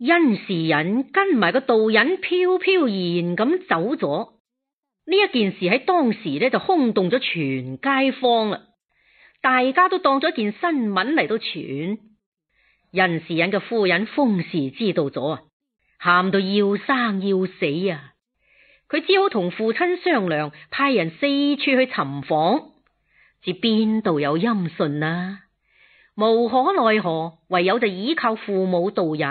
甄士隱跟埋個道人飄飄然咁走咗，呢一件事喺當時咧就轟動咗全街坊啦，大家都當咗件新聞嚟到傳。甄士隱嘅夫人封氏知道咗啊，喊到要生要死啊！佢只好同父親商量，派人四處去尋訪，至邊度有音訊啊？無可奈何，唯有就依靠父母度日。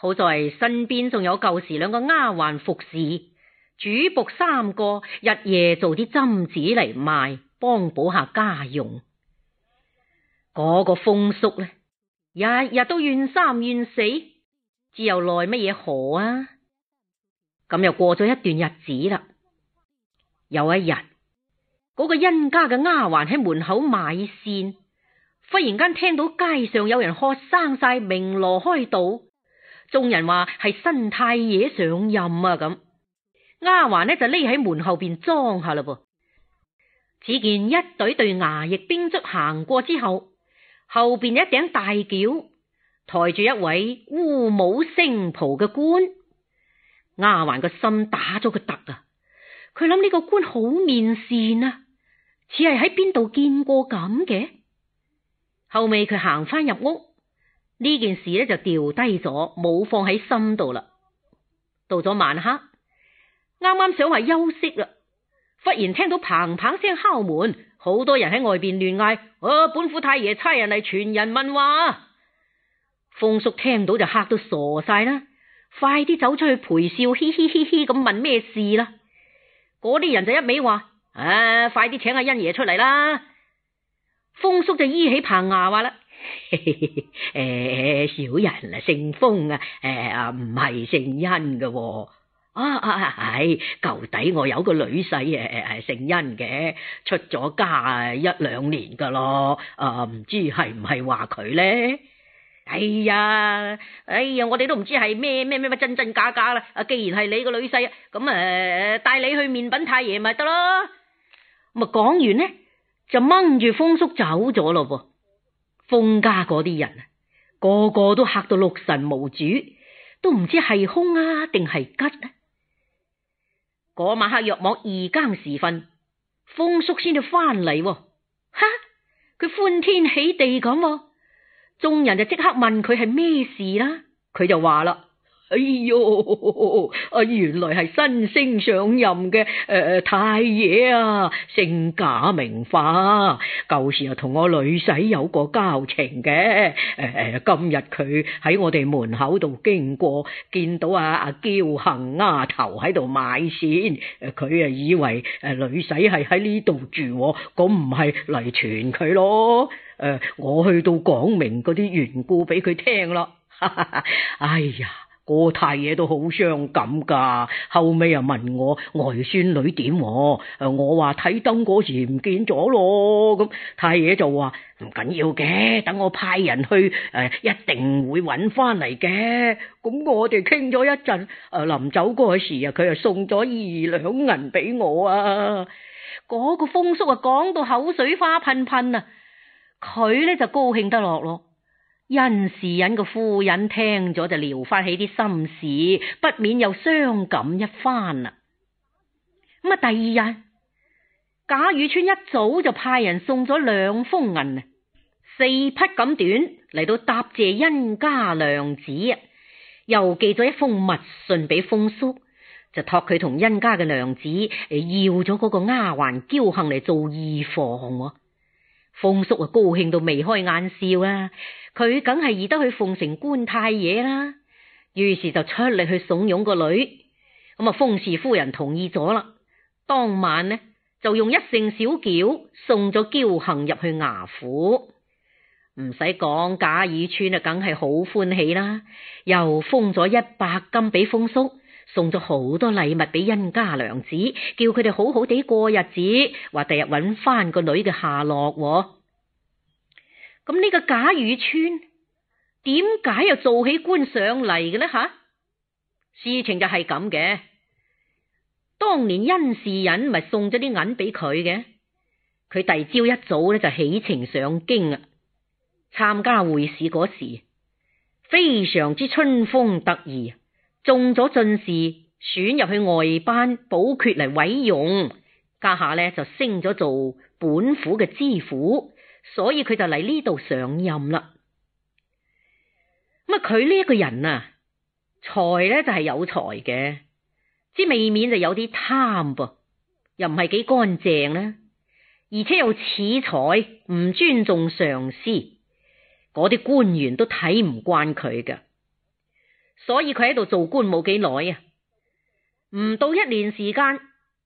好在身邊仲有舊時兩個丫鬟服侍，主僕三個日夜做啲針黹嚟賣，幫補下家用。嗰、那個封肅咧，日日都怨三怨四，知由來乜嘢何啊？咁又過咗一段日子啦。有一日，嗰、那個甄家嘅丫鬟喺門口買綫，忽然間聽到街上有人喝生晒鳴鑼開道。眾人話係新太爺上任啊，咁丫鬟呢就匿喺門後邊裝下啦噃。只見一隊隊衙役兵卒行過之後，後邊一頂大轎，抬住一位烏帽星袍嘅官。丫鬟個心打咗個突啊！佢諗呢個官好面善啊，似係喺邊度見過咁嘅。後尾佢行返入屋。呢件事咧就掉低咗，冇放喺心度啦。到咗晚黑，啱啱想話休息啦，忽然聽到砰砰聲敲門，好多人喺外邊亂嗌：啊，本府太爺差人嚟傳人問話啊！封叔聽到就嚇到傻晒啦，快啲走出去陪笑，嘻嘻嘻嘻咁問咩事啦？嗰啲人就一味話：唉、啊，快啲請阿、啊、恩爺出嚟啦！封叔就依起棚牙話啦。誒、欸，小人啊，姓封啊，誒、呃，唔係姓甄嘅喎。啊，係、哎，舊底我有個女婿，誒、呃，係姓甄嘅，出咗家一兩年噶咯。啊、呃，唔知係唔係話佢咧？哎呀，哎呀，我哋都唔知係咩咩咩真真假假啦。啊，既然係你個女婿，咁、嗯、啊、呃，帶你去面稟太爺咪得咯。咁啊，講完呢，就掹住封叔走咗咯噃。封家嗰啲人啊，個個都吓到六神無主，都唔知係兇啊定係吉啊！嗰晚黑約莫二更時分，封叔先至翻嚟，吓佢歡天喜地咁，啊，眾人就即刻問佢係咩事啦，啊，佢就話啦。哎呦！啊，原來係新升上任嘅誒、呃、太爺啊，姓賈名化，舊時啊同我女婿有個交情嘅。誒、呃，今日佢喺我哋門口度經過，見到阿阿嬌杏丫頭喺度買線，佢啊以為誒女婿係喺呢度住，咁唔係嚟傳佢咯。誒、呃，我去到講明嗰啲緣故俾佢聽咯。哈哈，哎呀！個太爺都好傷感噶，後尾又問我外孫女點、啊，誒我話睇燈嗰時唔見咗咯，咁太爺就話唔緊要嘅，等我派人去，誒、呃、一定會搵翻嚟嘅。咁、嗯、我哋傾咗一陣，誒、呃、臨走嗰時啊，佢又送咗二兩銀俾我啊。嗰個風叔啊，講到口水花噴噴啊，佢咧就高興得落咯。甄士隱個夫人聽咗就撩翻起啲心事，不免又傷感一番啦。咁啊，第二日賈雨村一早就派人送咗兩封銀啊，四匹錦緞嚟到答謝甄家娘子啊，又寄咗一封密信俾封叔，就託佢同甄家嘅娘子誒要咗嗰個丫鬟嬌杏嚟做二房。風叔啊，高興到眉開眼笑啦！佢梗係宜得去奉承官太爺啦，於是就出力去慫恿個女。咁啊，風氏夫人同意咗啦。當晚呢，就用一乘小轎送咗嬌杏入去衙府。唔使講，賈雨村啊，梗係好歡喜啦，又封咗一百金俾風叔。送咗好多禮物俾甄家娘子，叫佢哋好好地過日子，話第日搵翻個女嘅下落。咁、嗯、呢、這個賈雨村點解又做起官上嚟嘅咧？吓、啊，事情就係咁嘅。當年甄士隱咪送咗啲銀俾佢嘅，佢第朝一早咧就起程上京啊，參加會試嗰時非常之春風得意。中咗進士，選入去外班補缺嚟委用，家下咧就升咗做本府嘅知府，所以佢就嚟呢度上任啦。咁啊，佢呢一個人啊，才咧就係有才嘅，之未免就有啲貪噃，又唔係幾乾淨啦，而且又恃才唔尊重上司，嗰啲官員都睇唔慣佢㗎。所以佢喺度做官冇幾耐啊，唔到一年時間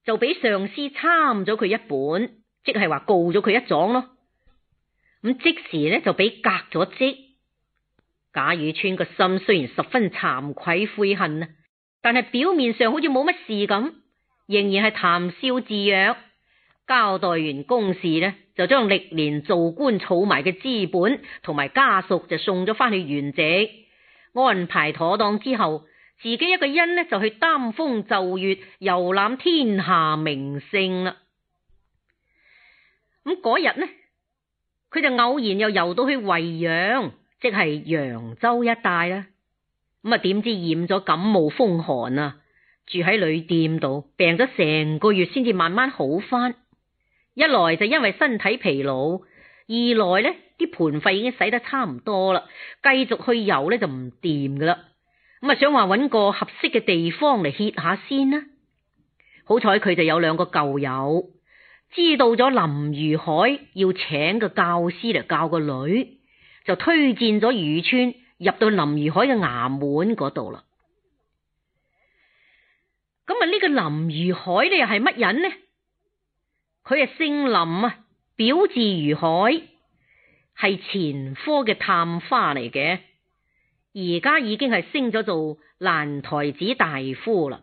就俾上司參咗佢一本，即係話告咗佢一狀咯。咁即時咧就俾革咗職。賈雨村個心雖然十分慚愧悔恨啊，但係表面上好似冇乜事咁，仍然係談笑自若。交代完公事呢，就將歷年做官儲埋嘅資本同埋家屬就送咗翻去原籍。安排妥當之後，自己一個人呢就去擔風奏月遊覽天下名勝啦。咁嗰日呢，佢就偶然又遊到去維揚，即係揚州一帶啦。咁啊，點知染咗感冒風寒啊，住喺旅店度病咗成個月，先至慢慢好返。一來就因為身體疲勞，二來咧。啲盤費已經使得差唔多啦，繼續去遊咧就唔掂噶啦。咁啊，想話搵個合適嘅地方嚟歇下先啦。好彩佢就有兩個舊友知道咗林如海要請個教師嚟教個女，就推薦咗雨村入到林如海嘅衙門嗰度啦。咁啊，呢個林如海呢又係乜人呢？佢係姓林啊，表字如海。係前科嘅探花嚟嘅，而家已經係升咗做蘭台子大夫啦。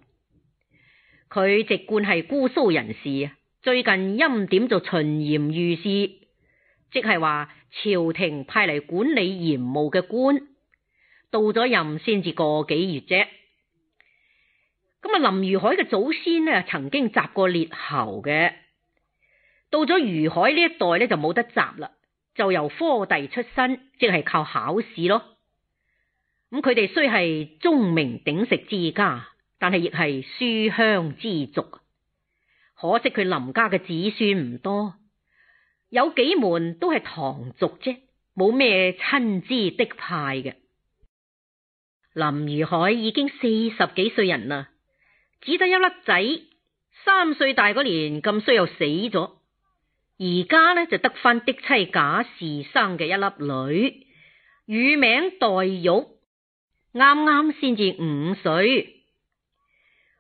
佢籍貫係姑蘇人士啊，最近欽點做巡鹽御史，即係話朝廷派嚟管理鹽務嘅官。到咗任先至個幾月啫。咁啊，林如海嘅祖先呢，曾經襲過列侯嘅，到咗如海呢一代咧，就冇得襲啦。就由科第出身，即係靠考試咯。咁佢哋雖係鐘鳴鼎食之家，但係亦係書香之族。可惜佢林家嘅子孫唔多，有幾門都係堂族啫，冇咩親支嫡派嘅。林如海已經四十幾歲人啦，只得一粒仔，三歲大嗰年咁衰又死咗。而家咧就得翻嫡妻賈氏生嘅一粒女，乳名黛玉，啱啱先至五歲。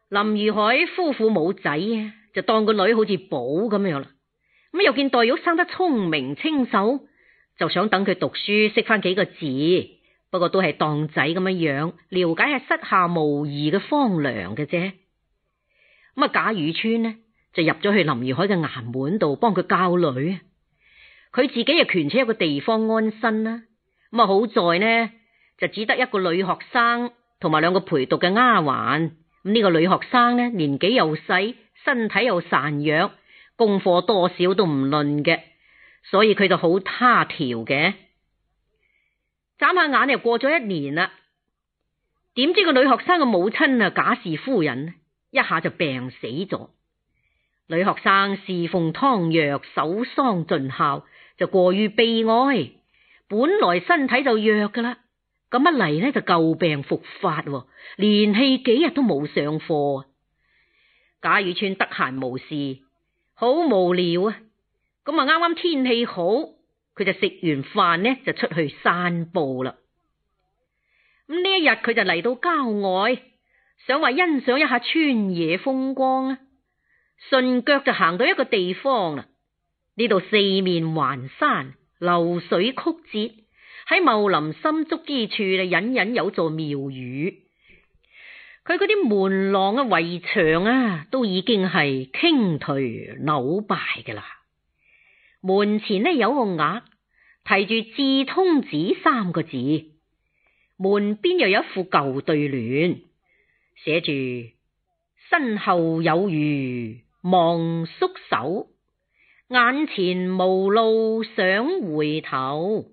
林如海夫婦冇仔啊，就當個女好似寶咁樣啦。咁又見黛玉生得聰明清秀，就想等佢讀書識翻幾個字。不過都係當仔咁樣養，了解係膝下無兒嘅荒涼嘅啫。咁啊，賈雨村呢？就入咗去林如海嘅衙門度幫佢教女，佢自己又權且一個地方安身啦。咁啊好在呢，就只得一個女學生同埋兩個陪讀嘅丫鬟。咁、這、呢個女學生呢，年紀又細，身體又孱弱，功課多少都唔論嘅，所以佢就好他條嘅。眨下眼又過咗一年啦，點知個女學生嘅母親啊賈氏夫人一下就病死咗。女學生侍奉湯藥守喪盡孝，就過於悲哀，本來身體就弱噶啦，咁一嚟呢，就舊病復發，連氣幾日都冇上課。啊，賈雨村得閒無事，好無聊啊！咁啊，啱啱天氣好，佢就食完飯呢，就出去散步啦。咁呢一日佢就嚟到郊外，想話欣賞一下村野風光啊。順腳就行到一個地方啦，呢度四面環山，流水曲折，喺茂林深竹之處，就隱隱有座廟宇。佢嗰啲門廊嘅圍牆啊，都已經係傾頹扭敗噶啦。門前呢有個額，提住“智通寺”三個字。門邊又有一副舊對聯，寫住“身後有餘”，忙縮手，眼前無路想回頭。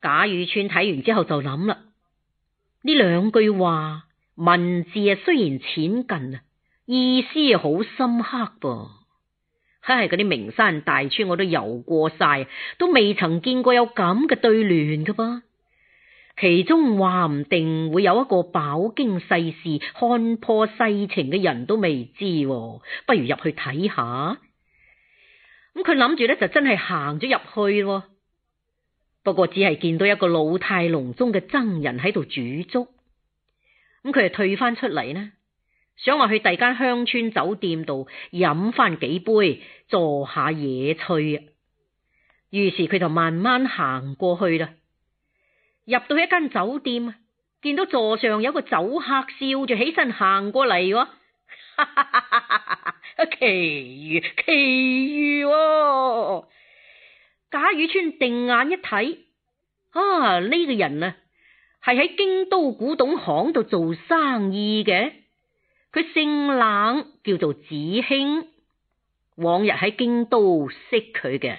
賈雨村睇完之後就諗啦，呢兩句話文字啊雖然淺近啊，意思好深刻噃。唉、哎，嗰啲名山大川我都遊過晒，都未曾見過有咁嘅對聯嘅噃。其中話唔定會有一個飽經世事、看破世情嘅人都未知，不如入去睇下。咁佢諗住咧，就真係行咗入去。不過只係見到一個老態龍鍾嘅僧人喺度煮粥。咁佢就退翻出嚟咧，想話去第間鄉村酒店度飲翻幾杯，助下野趣啊。於是佢就慢慢行過去啦。入到一間酒店，見到座上有個酒客笑住起身行過嚟， 奇遇奇遇！賈雨村定眼一睇，啊呢、這呢個人啊，係喺京都古董行度做生意嘅，佢姓冷，叫做子興，往日喺京都識佢嘅。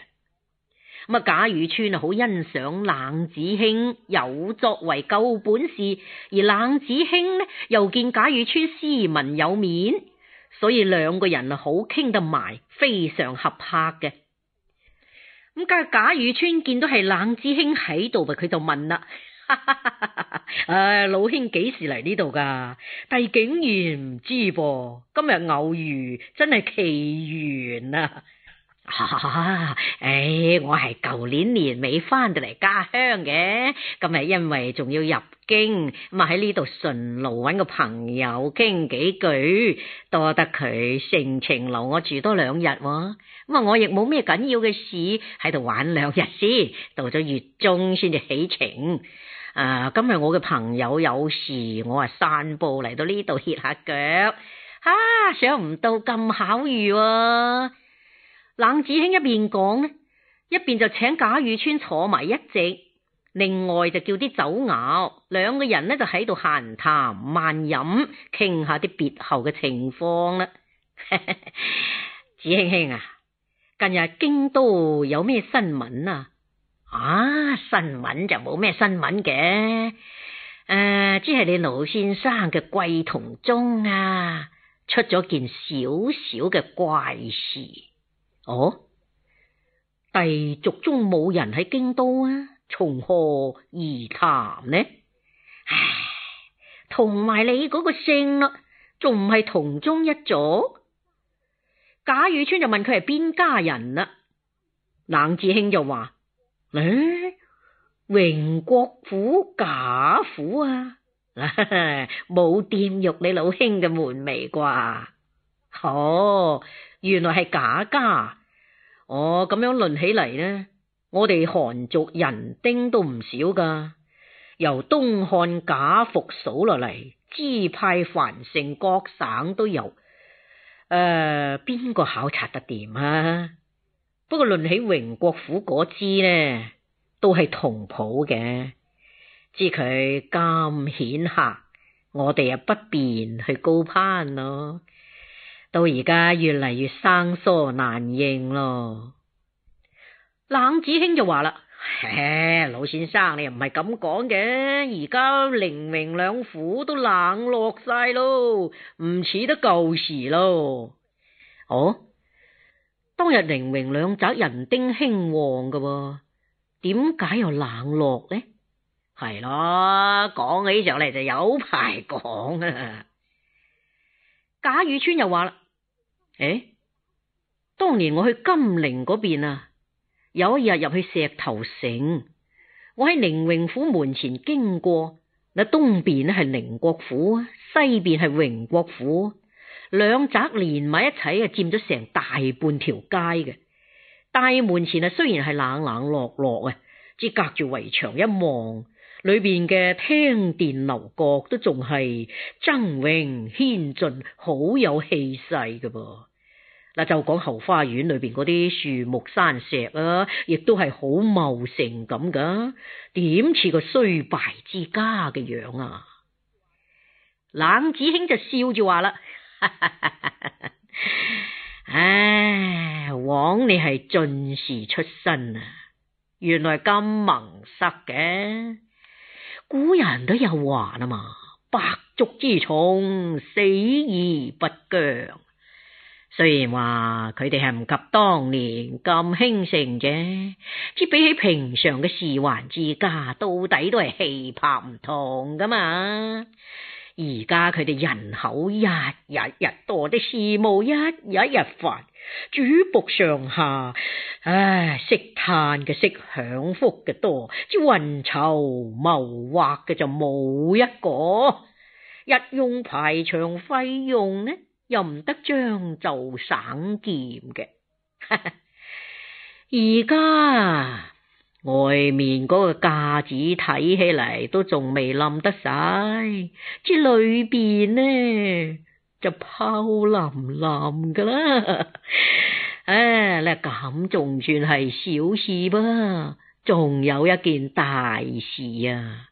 咁啊，賈雨村啊，好欣賞冷子興，有作為夠本事，而冷子興呢，又見賈雨村斯文有面，所以兩個人啊，好傾得埋，非常合拍嘅。咁，梗係賈雨村見到係冷子興喺度啊，佢就問啦：誒、哎，老兄幾時嚟呢度噶？但係竟然唔知噃，今日偶遇，真係奇緣啊！哈哈、啊哎、我係舊年年尾翻到嚟家鄉嘅，今日因為仲要入京，咁啊喺呢度順路搵個朋友傾幾句，多得佢盛情留我住多兩日、啊，咁啊我亦冇咩緊要嘅事喺度玩兩日先，到咗月中先至起程。啊，今日我嘅朋友有事，我啊散步嚟到呢度歇下腳，啊，想唔到咁巧遇、啊。冷子興一邊講咧，一邊就請賈雨村坐埋一席。另外就叫啲酒肴，兩個人呢，就喺度閒談慢飲，傾下啲別後嘅情況啦。子興兄啊，近日京都有咩新聞啊？啊，新聞就冇咩新聞嘅，誒、呃，只係你盧先生嘅貴同宗啊，出咗件小小嘅怪事。哦，弟族中冇人喺京都啊，從何而談呢？唉，同埋你嗰個姓啊，仲唔係同宗一族？賈雨村就問佢係邊家人啦，啊，冷子興就話，唉，榮國府賈府啊，冇玷辱你老兄嘅門楣啩。好，哦。原來係賈家，哦咁樣論起嚟呢，我哋寒族人丁都唔少噶。由東漢賈復數落嚟，支派繁盛，各省都有。誒、呃，邊個考察得掂啊？不過論起榮國府嗰支呢，都係同譜嘅。知佢咁顯赫，我哋啊不便去高攀咯。到而家越嚟越生疏難認咯。冷子興就話啦：唉，老先生你又唔係咁講嘅，而家寧榮兩府都冷落晒咯，唔似得舊時咯。哦，當日寧榮兩宅人丁興旺噶，點解又冷落呢？係啦，講起上嚟就有排講啊。賈雨村又話啦。誒，當年我去金陵嗰邊啊，有一日入去石頭城，我喺寧榮府門前經過，嗱，東邊呢係寧國府，西邊係榮國府，兩宅連埋一齊啊，佔咗成大半條街嘅。大門前啊，雖然係冷冷落落啊，只隔住圍牆一望，裏邊嘅聽殿樓閣都仲係崢嶸軒峻，好有氣勢嘅。噃。嗱，就講後花園裏邊嗰啲樹木山石啊，亦都係好茂盛咁。噶點似個衰敗之家嘅樣啊？冷子興就笑住話啦： 唉，枉你係進士出身啊，原來咁盟塞嘅。古人都有話啊嘛，百足之蟲，死而不僵。雖然話佢哋係唔及當年咁興盛啫，只比起平常嘅士宦之家，到底都係氣魄唔同噶嘛。而家佢哋人口日日日多，啲事務一日日繁，主僕上下，唉，識嘆嘅識享福嘅多，知運籌謀劃嘅就冇一個。日用排場費用呢，又唔得將就省儉嘅。而家。外面嗰個架子睇起嚟，都仲未冧得晒，之裏邊呢就泡淋淋噶啦。唉、 啊，你咁仲算係小事噃，仲有一件大事啊！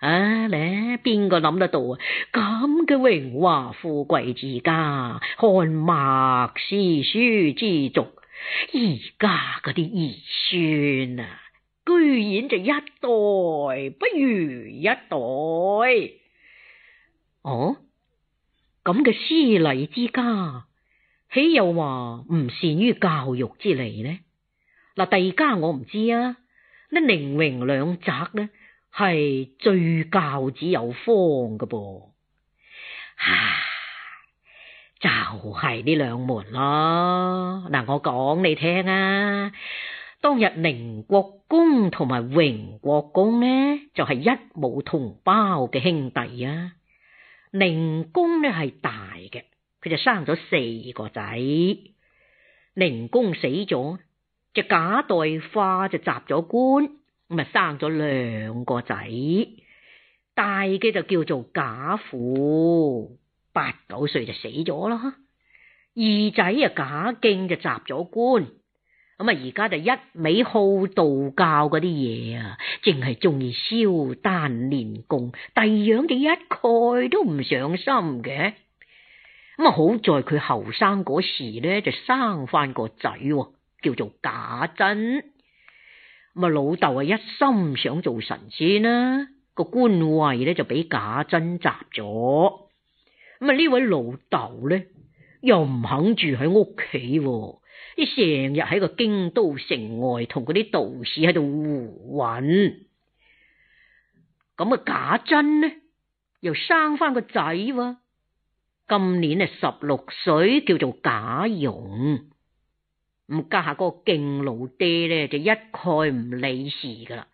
啊，呢邊個諗得到啊？咁嘅榮華富貴之家，翰墨詩書之族，而家嗰啲兒孫啊！居然就一代不如一代，哦！咁嘅詩禮之家，豈有話唔善於教育之理呢？嗱，第二家我唔知啊，呢寧榮兩宅咧係最教子有方噶噃，唉，就係、是、呢兩門咯。嗱，我講你聽啊。當日寧國公同埋榮國公咧，就係一母同胞嘅兄弟啊。寧公咧係大嘅，佢就生咗四個仔。寧公死咗，就賈代化就襲咗官，咁啊生咗兩個仔，大嘅就叫做賈敷；八九歲就死咗啦。二仔啊賈敬就襲咗官。咁啊，而家就一味好道教嗰啲嘢啊，淨係中意燒丹煉汞，第二樣嘅一概都唔上心嘅。咁啊，好在佢後生嗰時咧就生翻個仔，叫做賈珍。咁啊，老豆啊一心想做神仙啦，個官位咧就俾賈珍襲咗。咁啊，呢位老豆咧又唔肯住喺屋企。啲成日喺個京都城外同啲道士喺度胡混，咁啊，賈珍呢又生翻個仔，今年啊十六歲，叫做賈蓉，咁家下個敬老爹咧就一概唔理事噶啦。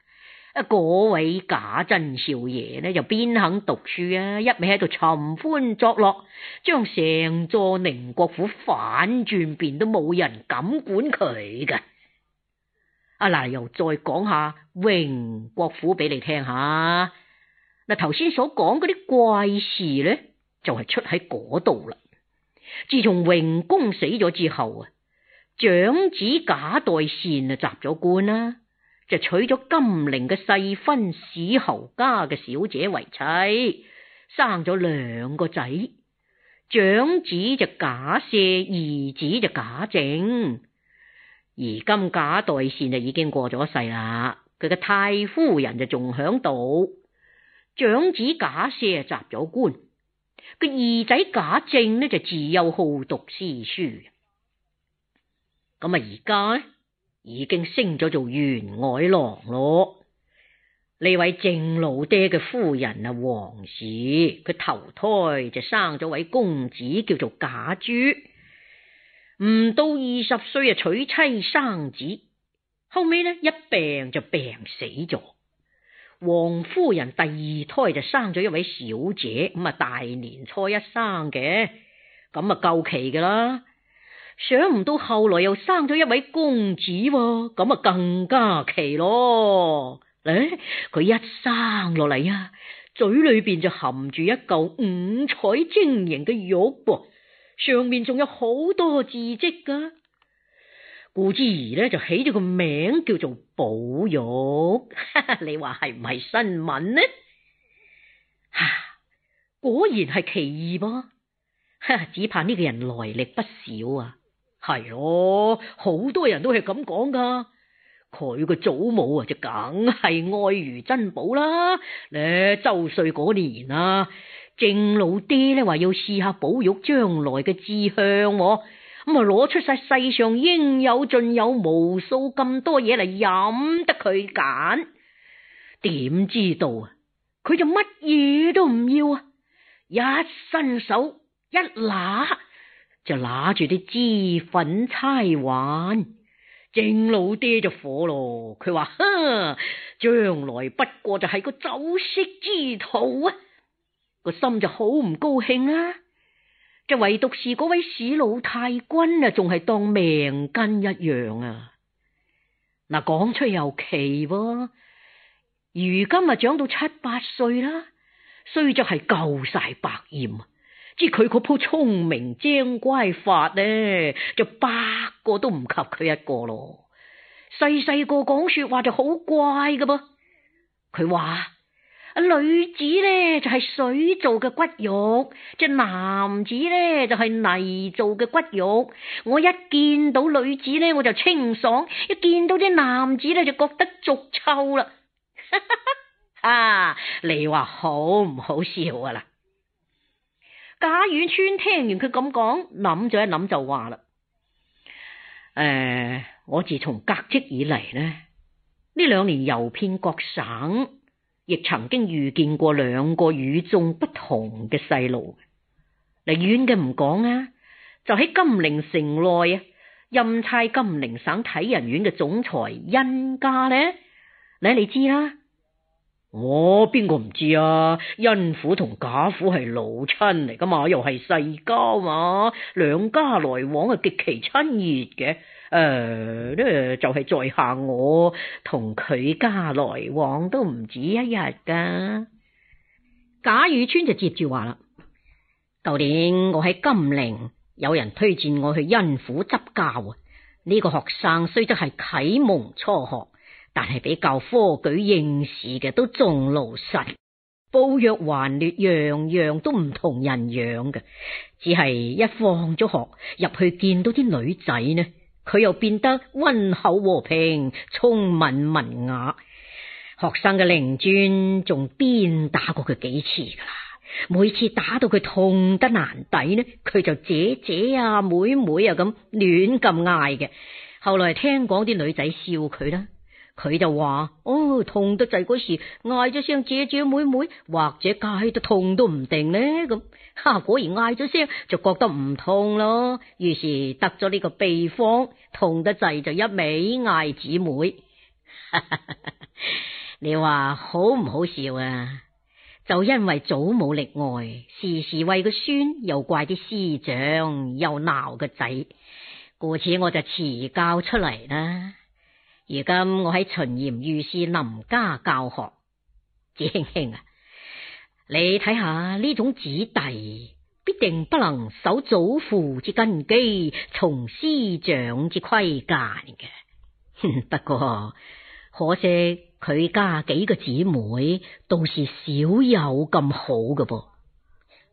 啊！嗰位賈珍少爺咧，就邊肯讀書啊？一味喺度尋歡作樂，將成座寧國府反轉，變都冇人敢管佢嘅。阿、啊、嗱，又再講下榮國府俾你聽下。嗱、啊，頭先所講嗰啲怪事咧，就係、是、出喺嗰度啦。自從榮公死咗之後啊，長子賈代善啊，執咗官啦。就娶咗金陵嘅世勳史侯家嘅小姐為妻，生咗兩個仔，長子就賈赦，二子就賈政。而今賈代善就已經過咗世啦，佢嘅太夫人就仲響度，長子賈赦襲咗官，個二仔賈政呢就自幼好讀詩書，咁啊而家呢？已經升咗做員外郎咯。呢位正老爹嘅夫人啊，王氏，佢頭胎就生咗位公子，叫做賈珠。唔到二十歲啊，娶妻生子。後尾呢，一病就病死咗。王夫人第二胎就生咗一位小姐，咁啊大年初一生嘅，咁啊夠奇噶啦。想唔到後來又生咗一位公子，咁啊更加奇咯！嚟、欸、佢一生落嚟啊，嘴裏邊就含住一嚿五彩晶瑩嘅玉噃，上面仲有好多字跡噶、啊。顧之儀呢，就起咗個名叫做寶玉， 你話係唔係新聞呢？吓、啊，果然係奇異噃、啊！只怕呢個人來歷不少啊！係咯，好多人都係咁講噶。佢個祖母啊，就梗係愛如珍寶啦。咧周歲嗰年啊，正老爹咧話要試下寶玉將來嘅志向，咁啊攞出晒世上應有盡有無數咁多嘢嚟飲得佢揀。點知道啊？佢就乜嘢都唔要啊！一伸手，一拿。就拿住啲脂粉差玩，正老爹就火咯。佢話：，呵，將來不過就係個酒色之徒啊，個心就好唔高興啊。即唯獨是嗰位史老太君啊，仲係當命根一樣啊。嗱，講出又奇喎，如今啊長到七八歲啦，雖則係夠晒百厭啊。知佢嗰鋪聰明精乖法呢，就八個都唔及佢一個咯。細細個講說話就好怪噶噃。佢話：啊，女子呢就係水做嘅骨肉，隻男子呢就係泥做嘅骨肉。我一見到女子呢，我就清爽；一見到隻男子呢，就覺得俗臭啦。 啊，你話好唔好笑啊？啦！賈雨村聽完佢咁講，諗咗一諗就話啦：誒、呃，我自從革職以嚟咧，呢兩年遊遍各省，亦曾經遇見過兩個與眾不同嘅細路。離遠嘅唔講啊，就喺金陵城內啊，任差金陵省體仁院嘅總裁甄家咧，你你知啦。我邊個唔知啊？甄府同賈府係老親嚟㗎嘛，又係世交嘛，兩家來往係極其親熱嘅。誒、呃，呢就係、是、在下我同佢家來往都唔止一日㗎。賈雨村就接住話啦：舊年我喺金陵，有人推薦我去甄府執教啊。呢、這個學生雖則係啟蒙初學。但係比較科舉應試嘅都仲老實，暴虐頑劣，樣樣都唔同人樣嘅。只係一放咗學入去，見到啲女仔呢，佢又變得溫厚和平，聰敏文雅。學生嘅令尊仲鞭打過佢幾次噶啦，每次打到佢痛得難抵呢，佢就姐姐啊，妹妹啊咁亂咁嗌嘅。後來聽講啲女仔笑佢啦。佢就話：哦，痛得滯嗰時嗌咗聲姐姐妹妹，或者減啲痛都唔定呢？咁、啊，哈，果然嗌咗聲就覺得唔痛咯。於是得咗呢個秘方，痛得滯就一味嗌姊妹。 你話好唔好笑啊？就因為祖母溺愛，時時為個孫，又怪啲師長，又鬧個仔，故此我就辭教出嚟啦。如今我喺巡鹽御史林家教學，子興兄啊，你睇下呢種子弟必定不能守祖父之根基，從師長之規諫嘅。 不過可惜佢家幾個姊妹倒是少有咁好嘅噃。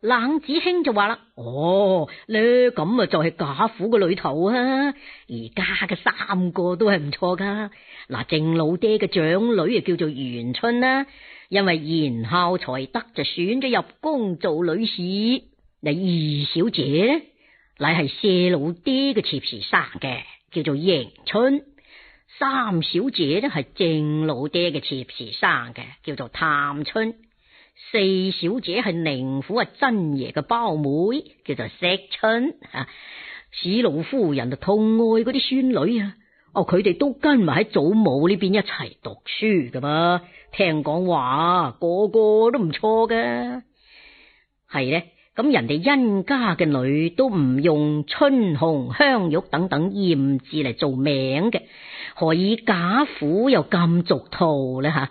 冷子興就話啦：哦，呢咁啊，就係賈府嘅女徒啊，而家嘅三個都係唔錯噶。嗱，政老爹嘅長女啊叫做元春啦，因為賢孝才德就選咗入宮做女史。嗱，二小姐呢，乃係赦老爹嘅妾侍生嘅，叫做迎春；三小姐呢係政老爹嘅妾侍生嘅，叫做探春。四小姐係寧府阿珍爺嘅胞妹，叫做惜春。哈，史老夫人就疼愛嗰啲孫女啊。哦，佢哋都跟埋喺祖母呢邊一齊讀書噶嘛。聽講話個個都唔錯嘅，係咧。咁人哋殷家嘅女都唔用春紅、香玉等等艷字嚟做名嘅，何以賈府又咁俗套咧？哈！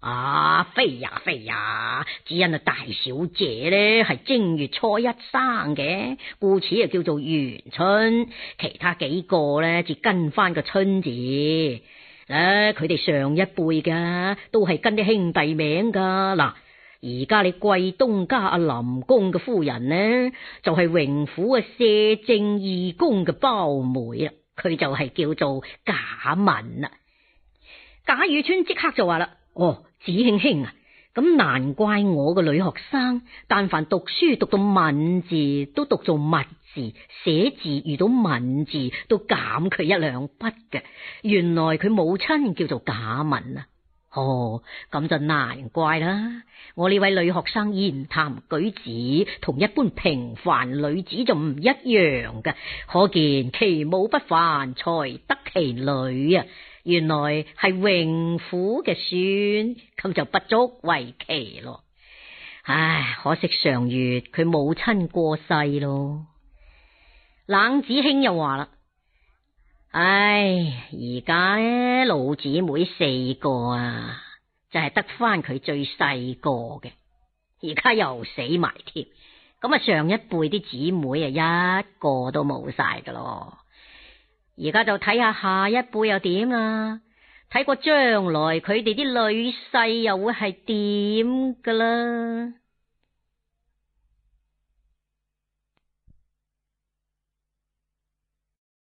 啊，非呀非呀，只因啊大小姐咧係正月初一生嘅，故此又叫做元春。其他幾個咧就跟翻個春字。咧佢哋上一輩噶都係跟啲兄弟名噶。嗱，而家你貴東家阿林公嘅夫人呢，就係、是、榮府啊赦正二公嘅胞妹啦。佢就係叫做賈敏。啦。賈雨村即刻就話啦，哦。子興兄啊，咁難怪我個女學生，但凡讀書讀到文字都讀做密字，寫字遇到文字都減佢一兩筆嘅。原來佢母親叫做賈文啊。哦，咁就難怪啦。我呢位女學生言談舉止同一般平凡女子就唔一樣嘅，可見其母不凡，才得其女啊。原來係榮府嘅孫，咁就不足為奇咯。唉，可惜上月佢母親過世咯。冷子興又話啦：，唉，而家呢老姊妹四個啊，就係、是、得翻佢最細個嘅，而家又死埋添，咁啊上一輩啲姊妹啊一個都冇晒噶咯。而家就睇下下一輩又點啊？睇過將來佢哋啲女婿又會係點噶啦？